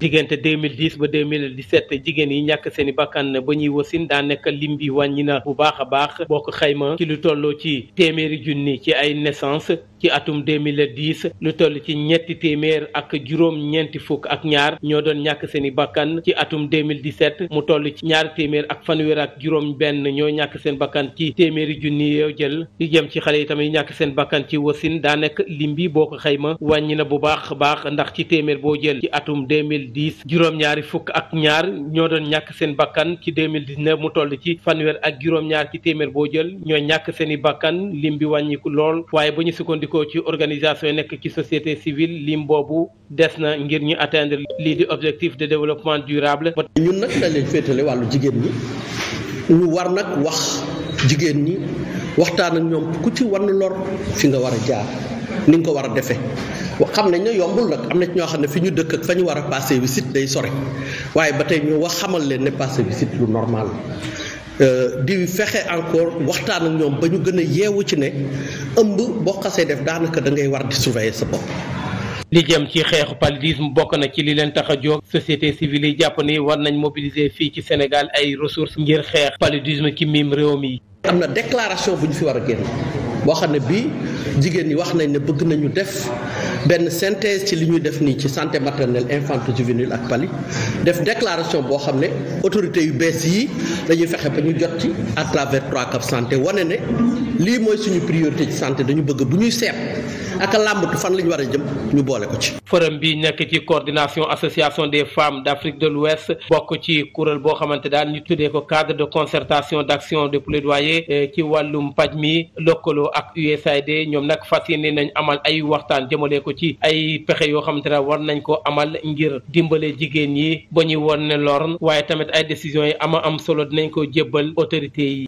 diggante 2010 ba 2017 jigéen yi ñàkk seen i bakkan ba ñuy wasin daanaka lim bi wàññi na bu baax a baax boo ko xayma ci lu tolloo ci téeméeri junni ci ay naissance ci atum 2010 lu toll ci ñetti téeméer ak juróom-ñeenti fukk ak ñaar ñoo doon ñàkk seen i bakkan ci atum 2017 mu toll ci ñaar téeméer ak fanweer ak juróom-benn ñoo ñàkk seen bakkan ci téeméeri junni yoo jël li jëm ci xale yi tamit ñàkk seen bakkan ci wasin daa nekk limbi boo ko xayma wàññi na bu baax baax ndax ci téeméer boo jël ci atum 2010 dix juróom-ñaari fukk ak ñaar ñoo doon ñàkk seen bakkan ci deux mille dix-neuf mu toll ci fanweer ak juróom-ñaar ci téeméer boo jël ñoo ñàkk seeni i bakkan lim bi wàññiku lool waaye bu ñu sukkandikoo ci organisation yi nekk ci société civile lim boobu des na ngir ñi atteindre lii di objectif de développement durable. ñun nag dañ leen féetale wàllu jigéen ñi ñu war nag wax jigéen ñi waxtaan ak ñoom ku ci war lor fi nga war a jaar. ni nga ko war a defee xam nañ ne yombul nag am na ci ñoo xam ne fi ñu dëkk ak fa ñu war a passé visite day sore waaye ba tey ñu wax xamal leen ne passé visite lu normal euh, di fexe encore waxtaan ak ñoom ba ñu gën a yeewu ci ne ëmb boo xasee def daanaka da ngay war di surveiller sa bopp. li jëm ci xeexu paludisme bokk na ci li leen tax a jóg société civile yi jàpp ni war nañ mobiliser fii ci Sénégal ay ressources ngir xeex paludisme ci miim réew mii am na déclaration bu ñu fi war a génn. waxande bi ne jigéen ñi wax nañ ne bëgg nañu def benn synthèse ci li ñuy def nii ci santé maternelle infante juvénile ak PALI def déclaration boo xam ne autorités yu bees yi dañuy fexe ba ñu jot ci à travers 3CAP santé wane ne lii mooy suñu priorité ci santé dañu bëgg bu ñuy seet ak làmbatu fan la ñu war a jëm ñu boole ko ci. forum bi nekk ci coordination association des femmes d' Afrique de l'Ouest bokk ci kuréel boo xamante daal ñu tuddee ko cadre de concertation d' action de plaidoyer eh, ci wàllum paj mi lëkkaloo ak USAID ñoom nag fas yéene nañ amal ay waxtaan jëmale ko ci ay pexe yoo xamante ne war nañ ko amal ngir dimbale jigéen yi ba ñuy won ne lorn waaye tamit ay décisions yi ama am solo dinañ ko jébbal autorités yi